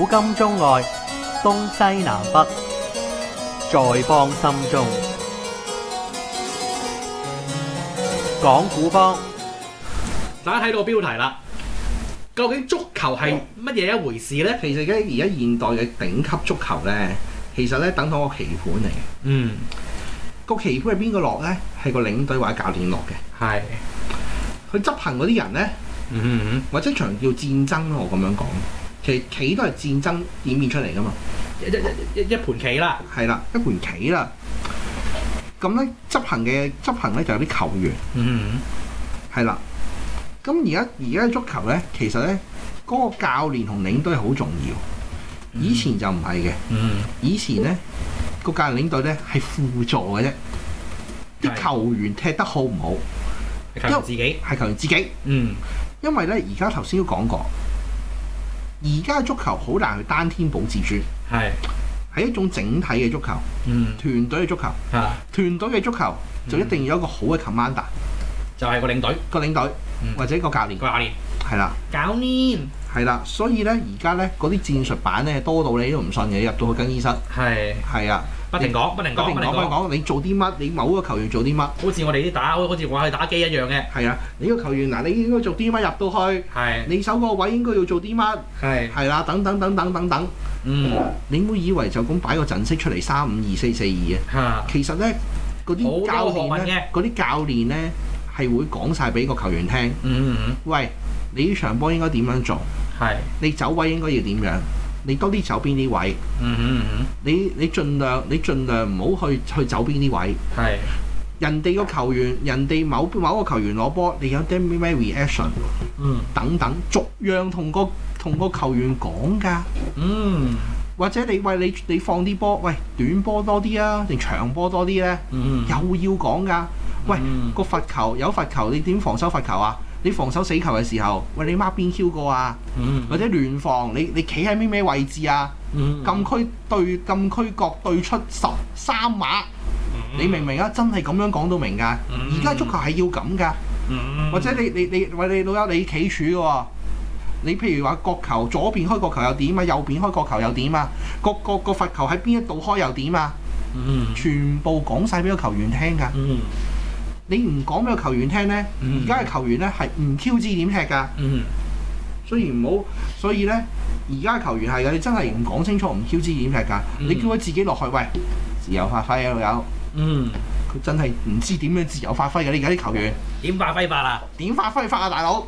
古今中外，東西南北，在邦心中講古邦。大家睇到個標題啦，究竟足球係乜嘢一回事呢？嗯、其實而家現代嘅頂級足球呢，其實呢，等同個棋盤嚟嘅。嗯，個棋盤係邊個落呢？係個領隊或者教練落嘅。係，去執行嗰啲人呢，嗯嗯嗯，或者場叫戰爭，我咁樣講。其實棋都係戰爭演變出嚟噶嘛，一一一一盤棋啦，係啦，一盤棋啦。咁咧執行嘅執行咧就有啲球員，嗯嗯，係啦。咁而家而家足球咧，其實咧嗰個教練同領隊好重要。以前就唔係嘅，嗯，嗯，以前咧個教練領隊咧係輔助嘅啫，啲球員踢得好唔好，因靠自己，係球員自己，嗯，因為咧而家頭先都講過。而家嘅足球好難去單天保至尊，係係一種整體嘅足球，嗯，團隊嘅足球，係、啊、團隊嘅足球就一定要有一個好嘅 commander、嗯、就係、是、個領隊，個領隊、嗯、或者個教練，個教練係啦，教練係啦，所以呢而家呢嗰啲戰術板呢多到你都唔信嘅，入到去更衣室係係啊。不停講，不停講，不停講，不停講。你做啲乜？你某個球員做啲乜？好似我哋啲打，好似我係打機一樣嘅。係啊，你個球員嗱，你應該做啲乜入到去？係。你守個位應該要做啲乜？係。係啦、啊，等等等等等等。嗯，哦、你唔會以為就咁擺個陣式出嚟三五二四四二啊？其實呢，嗰啲教練，嗰啲教練呢，係會講晒俾個球員聽。嗯嗯。喂，你呢場波應該點樣做？係。你走位應該要點樣？你多啲走邊啲位，嗯哼嗯哼，你你儘量你儘量唔好去去走邊啲位。係，人哋個球員，人哋某某個球員攞波，你有啲咩 reaction？嗯，等等，逐樣同個同個球員講㗎。嗯，或者你喂你你放啲波，喂短波多啲啊，定長波多啲咧？嗯，又要講㗎。喂，個、嗯、罰球有罰球，你點防守罰球啊？你防守死球嘅時候，喂你 mark 邊 Q 個啊？嗯、或者聯防，你你企喺咩咩位置啊？嗯、禁區對禁區角對出十三碼、嗯，你明唔明啊？真係咁樣講到明㗎。而、嗯、家足球係要咁㗎，或者你你你喂你,你老友你企處喎。你譬如話角球左邊開角球又點啊？右邊開角球又點啊？個個個罰球喺邊一度開又點啊、嗯？全部講晒俾個球員聽㗎。嗯你唔講俾個球員聽呢？而家嘅球員呢，係唔 Q 知點踢噶、mm -hmm.，所以唔好，所以呢，而家嘅球員係嘅，你真係唔講清楚唔 Q 知點踢噶，mm -hmm. 你叫佢自己落去喂，自由發揮啊老友，嗯，佢、mm -hmm. 真係唔知點樣自由發揮嘅、啊，你而家啲球員點發揮法啊？點發揮法啊，大佬？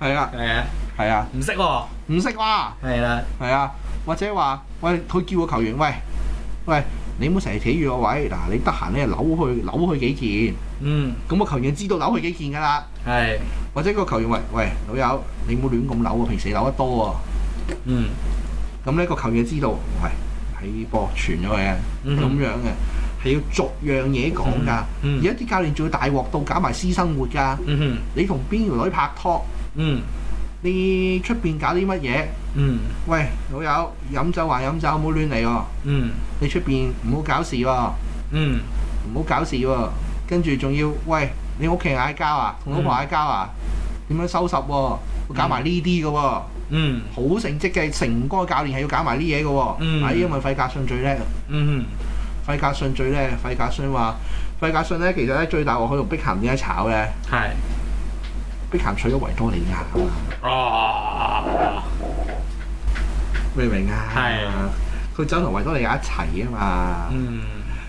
係啊，係啊，係啊，唔識喎，唔識話，係啦、啊，係啊，或者話喂佢叫個球員喂喂。喂你唔好成日企住個位，嗱你得閒咧扭去扭去幾件，嗯，咁、個球員知道扭去幾件噶啦，係，或者個球員話喂喂老友，你唔好亂咁扭啊，平時扭得多啊。」嗯，咁、那、呢個球員知道，係係博傳咗佢啊，咁、嗯、樣嘅，係要逐樣嘢講噶，而家啲教練仲要大鑊到搞埋私生活噶、嗯，你同邊條女拍拖？嗯。你出邊搞啲乜嘢？嗯，喂，老友，飲酒還飲酒，唔好亂嚟喎、哦。嗯，你出邊唔好搞事喎、哦。嗯，唔好搞事喎、哦。跟住仲要，喂，你屋企嗌交啊，同、嗯、老婆嗌交啊，點樣收拾喎、哦？我搞埋呢啲嘅喎。嗯，好成績嘅成哥教練係要搞埋呢嘢嘅喎。嗯，因為費格遜最叻。嗯，費格遜最叻，費格遜話，費格遜咧，其實咧最大鑊可用碧鹹點解炒咧？係。碧鹹娶咗維多利亞啊嘛，明唔明啊？係啊，佢走同維多利亞一齊啊嘛。嗯，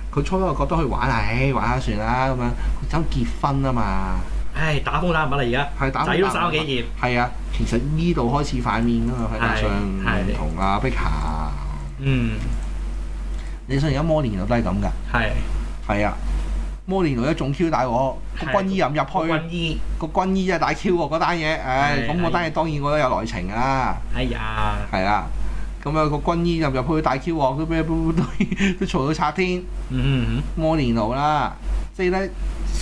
佢初初覺得去玩，唉、哎，玩下算啦咁樣。佢想結婚啊嘛。唉、哎，打風打唔甩啦而家。係打風打唔甩。仔都生咗幾年。係啊，其實呢度開始塊面啊嘛，佢台上唔同阿碧鹹。Bicar, 嗯，你想而家摩連奴都係咁噶？係，係啊。摩連奴一種 Q 大鑊，個軍醫入唔入去，個軍醫真係大 Q 喎。嗰單嘢，唉咁嗰單嘢當然我都有內情啊。哎啊，係啊，咁啊個軍醫入入去大 Q 喎，都咩都嘈到拆天。嗯，摩連奴啦，即係咧，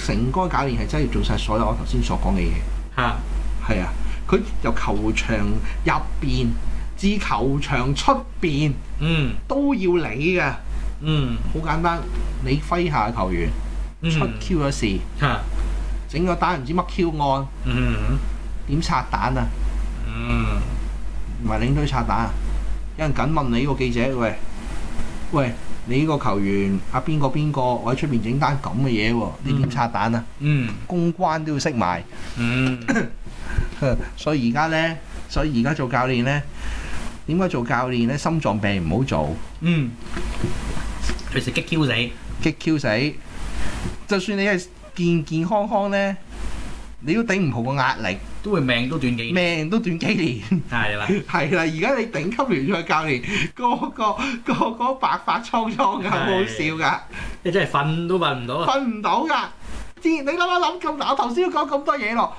成個教練係真係要做晒所有我頭先所講嘅嘢。吓，係啊，佢由球場入邊至球場出邊，嗯都要理嘅，嗯好簡單，你揮下球員。出 Q 嗰時，整、嗯啊、個蛋唔知乜 Q 案，點、嗯嗯、拆彈啊？嗯，唔係領隊拆彈啊！有人緊問你個記者：喂，喂，你呢個球員阿邊、啊、個邊個，我喺出面整單咁嘅嘢喎，你點拆彈啊？嗯，公關都要識埋。嗯，所以而家咧，所以而家做教練咧，點解做教練咧？心臟病唔好做。嗯，隨時激 Q 死，激 Q 死。就算你係健健康康咧，你都頂唔好個壓力，都會命都短幾年，命都短幾年，係啦，係 啦，而家你頂級聯賽教練個，個個個個白髮蒼蒼，好好笑噶，你真係瞓都瞓唔到，瞓唔到噶，你你諗一諗咁難，我頭先都講咁多嘢咯，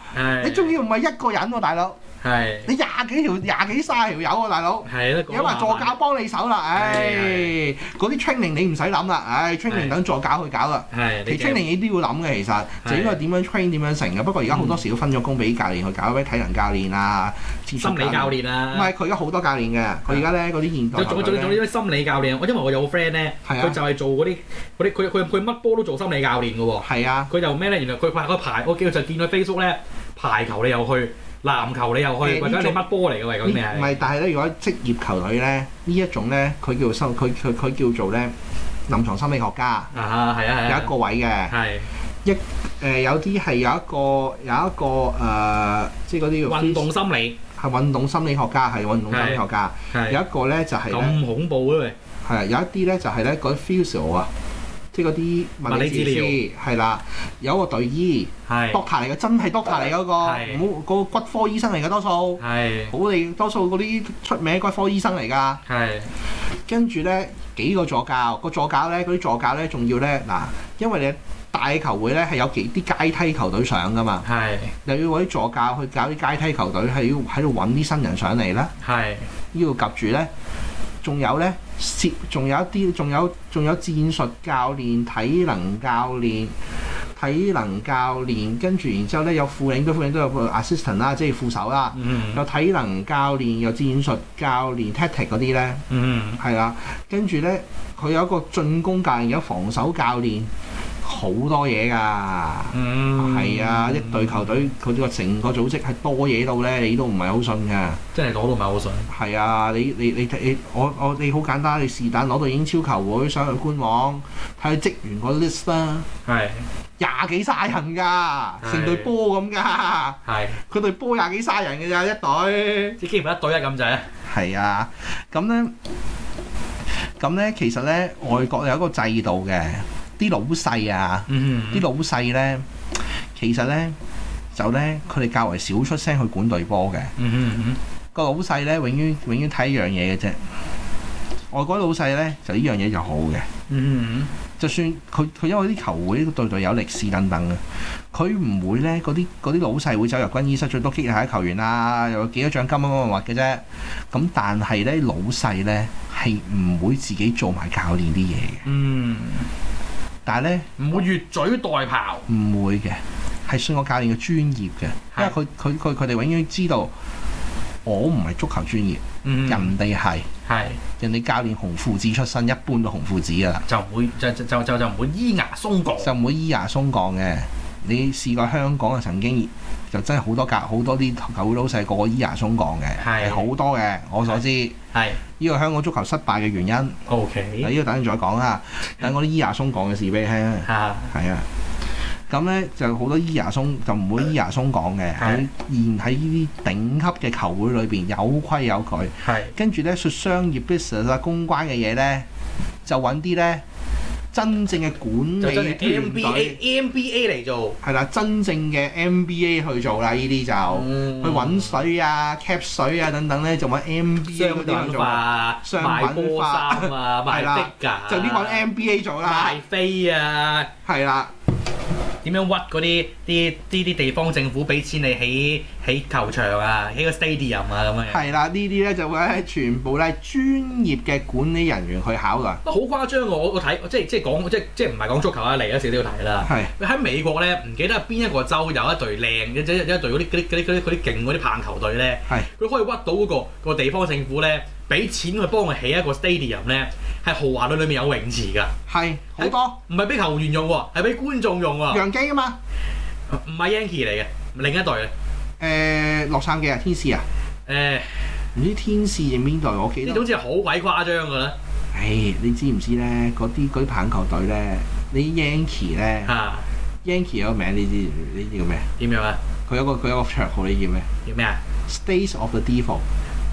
你終於唔係一個人喎、啊，大佬。係，你廿幾條廿幾卅條友啊，大佬！因為助教幫你手啦，唉，嗰、哎、啲 training 你唔使諗啦，唉、哎、training 等助教去搞啦。係，其 training 你都要諗嘅，其實就應該點樣 train 點樣成嘅。不過而家好多時都分咗工俾教練去搞，咩體能教練啊，戰術教練、心理教練啊。唔係，佢而家好多教練嘅，佢而家咧嗰啲現代呢，仲有仲有仲有啲心理教練。我因為我有個 friend 咧，佢就係做嗰啲啲佢佢佢乜波都做心理教練嘅喎。係啊，佢就咩咧？原來佢排個排，我見就見佢 Facebook 咧，排球你又去。籃球你又可以，或者你乜波嚟嘅喂？啲咩？唔係，但係咧，如果職業球隊咧呢一種咧，佢叫心，佢佢佢叫做咧臨床心理學家啊，係啊係、啊，有一個位嘅，係一誒、呃、有啲係有一個有一個誒，即係嗰啲叫 fusal，運動心理，係運動心理學家，係運動心理學家，有一個咧就係、是、咁恐怖嘅、啊、喂，係有一啲咧就係咧嗰啲 feel 啊。啲嗰啲物理治療係啦，有一個隊醫，doctor 嚟嘅，真係 doctor 嚟嗰個，好嗰、嗰個骨科醫生嚟嘅，多數係好你多數嗰啲出名的骨科醫生嚟㗎，係跟住咧幾個助教，個助教咧嗰啲助教咧仲要咧嗱，因為你大球會咧係有幾啲階梯球隊上㗎嘛，係又要揾啲助教去教啲階梯球隊，係要喺度揾啲新人上嚟啦，係呢個夾住咧，仲有咧。涉仲有一啲，仲有仲有戰術教練、體能教練、體能教練，跟住然之後咧，有副領都副領都有 assistant 啦，即係副手啦。嗯，有體能教練，有戰術教練 tactic 嗰啲咧。嗯嗯。係啦，跟住咧，佢有一個進攻教練，有防守教練。好多嘢噶，係啊！一隊球隊佢個成個組織係多嘢到咧，你都唔係好信噶。即係攞都唔係好信。係啊，你你你你我我你好簡單，你是但攞到英超球會，上去官網睇佢職員個 list 啦。係廿幾曬人噶，成隊波咁噶。係佢隊波廿幾曬人㗎咋一隊。即係幾乎一隊一咁滯。係啊，咁咧，咁咧其實咧，外國有一個制度嘅。啲老細啊，啲、mm -hmm. 老細呢，其實呢，就呢，佢哋較為少出聲去管隊波嘅。Mm -hmm. 個老細呢，永遠永遠睇一樣嘢嘅啫。外國老細呢，就呢樣嘢就好嘅。Mm -hmm. 就算佢佢因為啲球會代代有歷史等等嘅，佢唔會呢，嗰啲啲老細會走入更衣室最多激下啲球員啊，有幾多獎金乜乜物嘅啫。咁但係呢，老細呢，係唔會自己做埋教練啲嘢嘅。嗯、mm -hmm.。但係咧，唔會越俎代庖，唔會嘅，係信我教練嘅專業嘅，因為佢佢佢哋永遠知道我唔係足球專業，嗯、人哋係，係人哋教練紅褲子出身，一般都紅褲子噶啦，就唔會就就就就唔會依牙鬆槓，就唔會咿牙鬆槓嘅。你試過香港嘅曾經就真係好多教好多啲球會老細個咿牙鬆槓嘅，係好多嘅，我所知係。呢個香港足球失敗嘅原因，OK？呢個等陣再講啊，等我啲伊亞松講嘅事俾你聽。嚇、uh.，啊，咁呢就好多伊亞松就唔會伊亞松講嘅，喺現喺呢啲頂級嘅球會裏邊，有規有矩。跟、uh. 住呢，做商業 business 公關嘅嘢呢，就揾啲呢。真正嘅管理團隊，MBA 嚟做，係啦，真正嘅 MBA 去做啦，呢啲就去揾水啊、cap 水啊等等呢，就揾 MBA 嗰度做啊，商品化、賣波衫啊，係啦，就啲揾 MBA 做啦，賣飛啊，係啦。點樣屈嗰啲啲啲地方政府俾錢你起起球場啊，起個 stadium 啊咁樣？係啦，呢啲咧就會喺全部咧專業嘅管理人員去考㗎。好誇張，我我睇即係即係講即係即係唔係講足球啊？嚟啊！成日都要睇啦。係。喺美國咧，唔記得邊一個州有一隊靚嘅即係一隊嗰啲啲啲啲勁嗰啲棒球隊咧。係。佢可以屈到嗰個個地方政府咧。俾錢去幫佢起一個 stadium 咧，係豪華到裏面有泳池㗎。係好多，唔係俾球員用喎，係俾觀眾用喎。楊基啊嘛，唔係 Yankee 嚟嘅，另一隊啊。誒，洛杉磯啊，天使啊。誒，唔知天使係邊隊，我記得。總之係好鬼誇張㗎咧。唉、哎，你知唔知咧？嗰啲舉棒球隊咧，啲 Yankee 咧、啊、，Yankee 有個名，你知你知叫咩？點樣啊？佢有個佢有個綽號，你叫咩？叫咩啊？States of the Devil。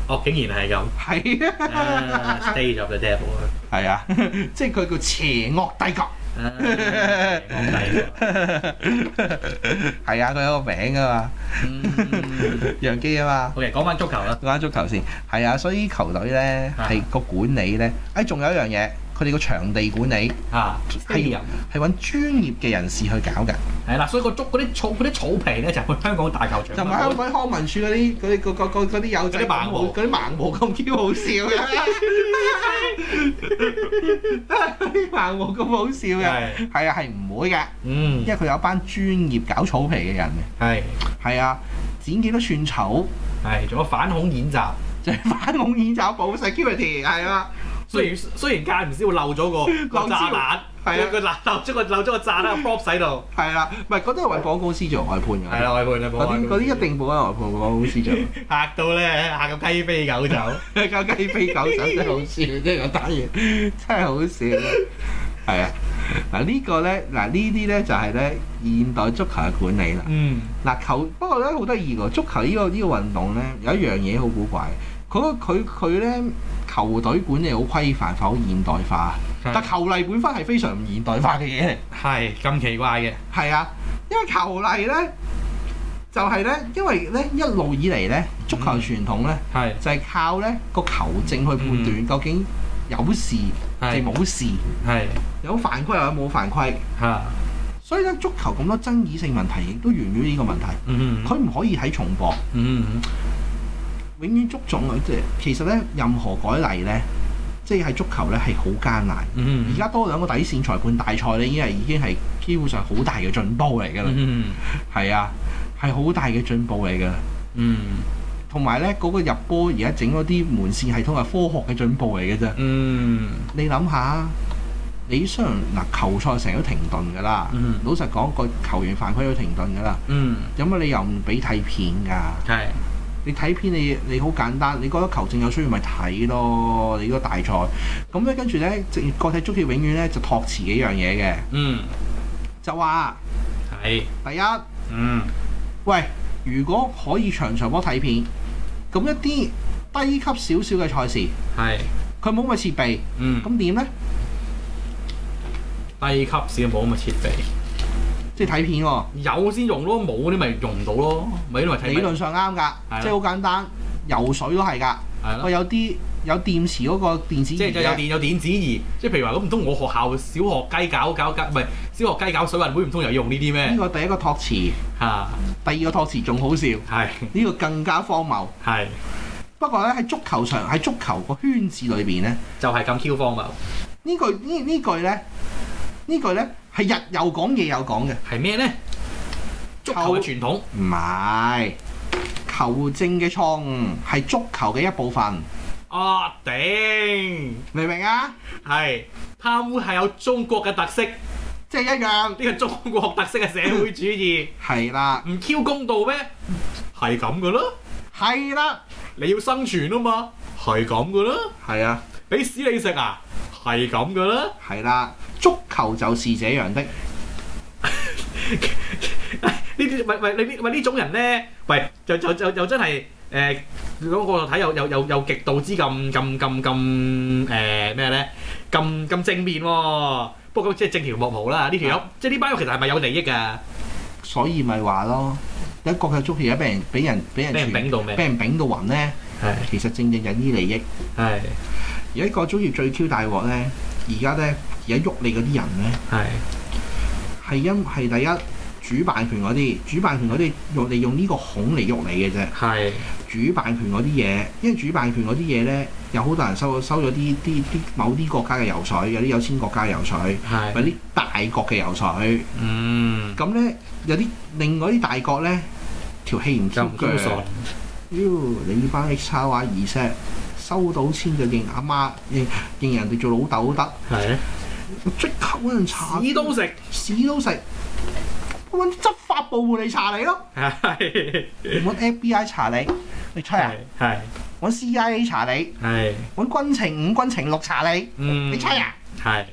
哦，竟然係咁，係啊，stage up the devil 啊，係啊，即係佢叫邪惡帝國，邪惡帝國，係啊，佢有個名㗎嘛，楊基啊嘛，OK，講翻足球啦，講翻足球先，係啊，所以球隊咧係個管理咧，哎，仲有一樣嘢。佢哋個場地管理係啊，係係揾專業嘅人士去搞㗎。係啦，所以、嗰個竹嗰啲草啲草皮咧，就係香港大球場。就係香港嘅康文署嗰啲嗰啲嗰啲友仔嗰啲盲毛咁嬌好笑嘅， 盲毛咁好笑嘅，係啊，係唔會嘅。嗯，因為佢有班專業搞草皮嘅人嘅。係係啊，剪幾多寸草。仲有反恐演習，即 係反恐演習 security, 的，保 security 係雖然、嗯、雖然間唔少會漏咗個漏咗炸彈，係啊，佢漏漏咗個漏咗個炸喺個 box 喺度。係啊，唔係嗰啲係保安公司做外判㗎，係啊，外判啦，嗰啲啲一定保安外判，保安公司做。的的的 嚇到咧，嚇到雞飛狗走，個 雞飛狗走真係好笑， 真係講單嘢真係好笑。係 啊，嗱、呢個、呢個咧，嗱呢啲咧就係、係、咧現代足球嘅管理啦。嗯。嗱、啊、球不過咧好得意喎，足球呢、呢個呢、呢個運動咧有一樣嘢好古怪。佢佢咧，球隊管理好規範，好現代化，但球例本分係非常唔現代化嘅嘢。係咁奇怪嘅，係啊，因為球例咧就係、是、咧，因為咧一路以嚟咧足球傳統咧，係、嗯、就係、是、靠咧個球證去判斷、嗯、究竟有事定冇事，係有犯規又有冇犯規，嚇、啊。所以咧足球咁多爭議性問題亦都源於呢個問題，嗯嗯，佢、嗯、唔可以喺重播，嗯嗯。嗯。永遠捉縱啊！即係其實咧，任何改例咧，即係喺足球咧係好艱難。嗯，而家多兩個底線裁判大賽咧，已經係已經係基本上好大嘅進步嚟嘅啦。嗯，係啊，係好大嘅進步嚟嘅。嗯，同埋咧嗰個入波而家整一啲門線系統係科學嘅進步嚟嘅啫。嗯，你諗下，你雖然嗱球賽成日都停頓嘅啦，嗯，老實講個球員犯規都停頓嘅啦。嗯，有乜理由唔俾睇片㗎？係。你睇片你你好簡單，你覺得球證有需要咪睇咯？你嗰個大賽，咁咧跟住咧，國際足協永遠咧就託詞幾樣嘢嘅。嗯，就話係第一。嗯，喂，如果可以長長波睇片，咁一啲低級少少嘅賽事，係佢冇乜設備。嗯，咁點咧？低級少冇乜設備。即係睇片喎、哦，有先用咯，冇嗰啲咪用唔到咯，咪理論上啱㗎，即係好簡單，游水都係㗎。我有啲有電池嗰個電子，即係有電有電子儀。即係譬如話咁唔通我學校小學雞搞搞，唔係小學雞搞水運會唔通又要用呢啲咩？呢個第一個託詞，嚇，第二個託詞仲好笑，係呢個更加荒謬，係。不過咧喺足球場，喺足球個圈子裏邊咧就係咁 Q 荒謬。呢句呢句呢句咧，呢句咧。係日又講夜又講嘅，係咩呢？球球球的足球嘅傳統唔係球證嘅錯誤，係足球嘅一部分。啊、oh，頂，明唔明啊？係貪污係有中國嘅特色，即、就、係、是、一樣呢、這個中國特色嘅社會主義。係 啦，唔 Q 公道咩？係咁噶啦。係啦，你要生存啊嘛。係咁噶啦。係啊，俾屎你食啊？係咁噶啦。係啦。足球就是這樣的呢啲，喂喂，呢啲喂呢種人咧，喂就就就就真係誒。如果我睇又又又又極度之咁咁咁咁誒咩咧，咁咁正面喎。不過咁即係正條莫蒲啦。呢條友即係呢班友其實係咪有利益㗎？所以咪話咯，一國嘅足球俾人俾人俾人俾人頂到咩？俾人頂到暈咧，係其實正正隱於利益係。而一個足球最 Q 大鑊咧，而家咧。而家喐你嗰啲人咧，係係因係第一主辦權嗰啲主辦權嗰啲用嚟用呢個孔嚟喐你嘅啫。係主辦權嗰啲嘢，因為主辦權嗰啲嘢咧，有好多人收咗收咗啲啲啲某啲國家嘅油水，有啲有錢國家嘅油水，係揾啲大國嘅油水。嗯，咁咧有啲另外啲大國咧條氣唔夠強，妖你呢班 X Y 二石收到錢就認阿媽認認人哋做老豆都得，係。我即刻搵人查你屎都食，屎都食，我揾執法部門嚟查你咯，係，揾 FBI 查你，你吹啊？係，揾 CIA 查你，係，揾軍情五、軍情六查你，嗯，你吹啊？係，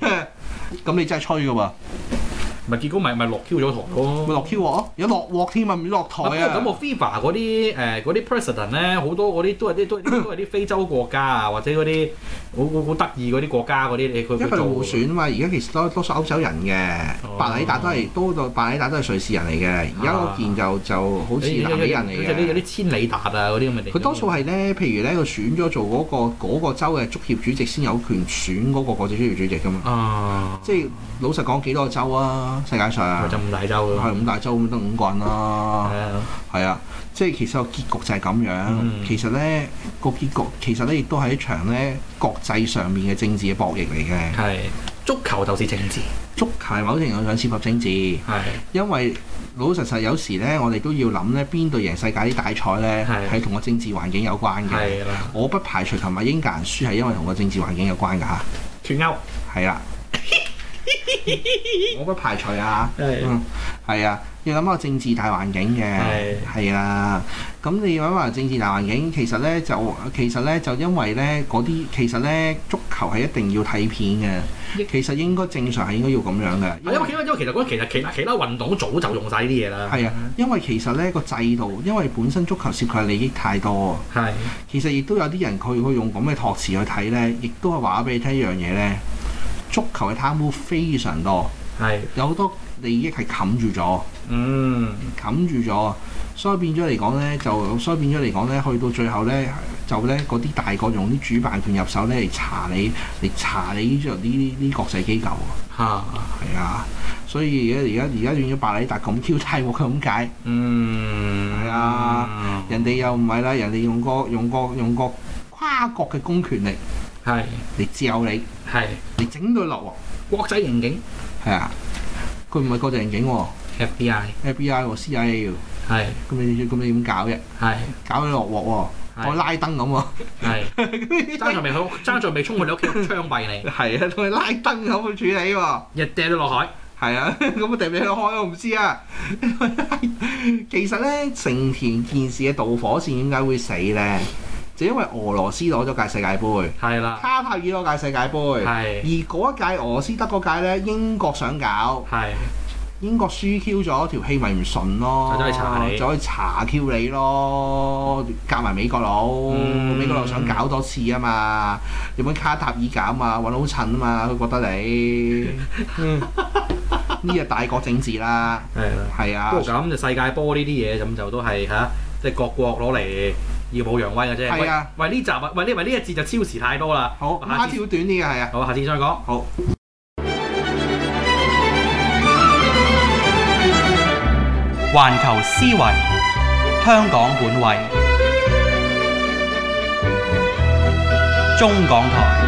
咁 你真係吹㗎喎。咪結果咪咪落 Q 咗堂咯，咪落 Q 啊，有落鑊添啊，唔落堂。啊！不過咁 FIFA 嗰啲誒嗰啲 president 咧，好多嗰啲都係啲都都係啲非洲國家啊，或者嗰啲好好得意嗰啲國家嗰啲，你佢做為選啊嘛，而家其實多數歐洲人嘅，白禮達都係多個白禮達都係瑞士人嚟嘅，而家嗰件就就好似南非人嚟嘅，有、啊、啲、啊啊啊啊啊啊啊、千里達啊嗰啲咁嘅地。佢多數係咧，譬如咧、那個，佢選咗做嗰個嗰個州嘅足協主席先有權選嗰、那個國際足協主席噶嘛，啊、即係老實講幾多個州啊？世界上就是、五大洲嘅，係五大洲咁得五個人咯。係啊，即係其實個結局就係咁樣、嗯。其實咧、個結局其實咧亦都係一場咧國際上面嘅政治嘅博弈嚟嘅。係足球就是政治，足球喺某程度上涉及政治。係，因為老實實有時咧，我哋都要諗咧邊隊贏世界啲大賽咧，係同個政治環境有關嘅。係啦，我不排除琴日英格蘭輸係因為同個政治環境有關㗎嚇。脫歐係啦。我 不排除啊，係啊、嗯，要諗下政治大環境嘅，係啊，咁你諗下政治大環境，其實咧就其實咧就因為咧嗰啲，其實咧足球係一定要睇片嘅，其實應該正常係應該要咁樣嘅。因為因為，因為其實嗰其實其他其他運動早就用晒呢啲嘢啦。係啊，因為其實咧個制度，因為本身足球涉及利益太多係，其實亦都有啲人佢會用咁嘅托詞去睇咧，亦都係話俾你聽一樣嘢咧。足球嘅貪污非常多，係有好多利益係冚住咗，嗯，冚住咗，所以變咗嚟講咧，就所以變咗嚟講咧，去到最後咧，就咧嗰啲大國用啲主辦權入手咧嚟查你，嚟查你呢呢呢啲國際機構啊，係啊，所以而家而家而家變咗百里達咁 Q 大鑊，我咁解，嗯，係啊，人哋又唔係啦，人哋用個用個用個跨國嘅公權力。係，嚟你嚼你，係你整佢落鑊，國際刑警。係啊，佢唔係國際刑警喎、啊、，FBI，FBI 喎、啊、，CIA 喎、啊。係，咁你咁你點搞啫？係，搞佢落鑊喎、啊，好似拉登咁喎。係，爭在未，佢爭在未衝過你屋企槍斃你。係 啊，同佢拉登咁去處理喎、啊。一掟到落海。係啊，咁掟俾佢開，我唔知啊。其實咧，成田件事嘅導火線點解會死咧？就因為俄羅斯攞咗屆世界盃，係啦，卡塔爾攞屆世界盃，係。而嗰一屆俄羅斯得嗰屆咧，國英國想搞，係。英國輸 Q 咗條氣，咪唔順咯，再去查 Q 你咯，夾埋美國佬、嗯，美國佬想搞多次啊嘛，日本卡塔爾搞嘛，揾好襯啊嘛，佢覺得你，呢、嗯、個 大國政治啦，係啊，啊。咁就世界波呢啲嘢，咁就都係嚇，即係各國攞嚟。要冇揚威嘅啫，係啊！喂呢集啊，喂呢喂呢一節就超時太多啦。好，下次會短啲嘅係啊。好，下次再講。好。環球思維，香港本位，中港台。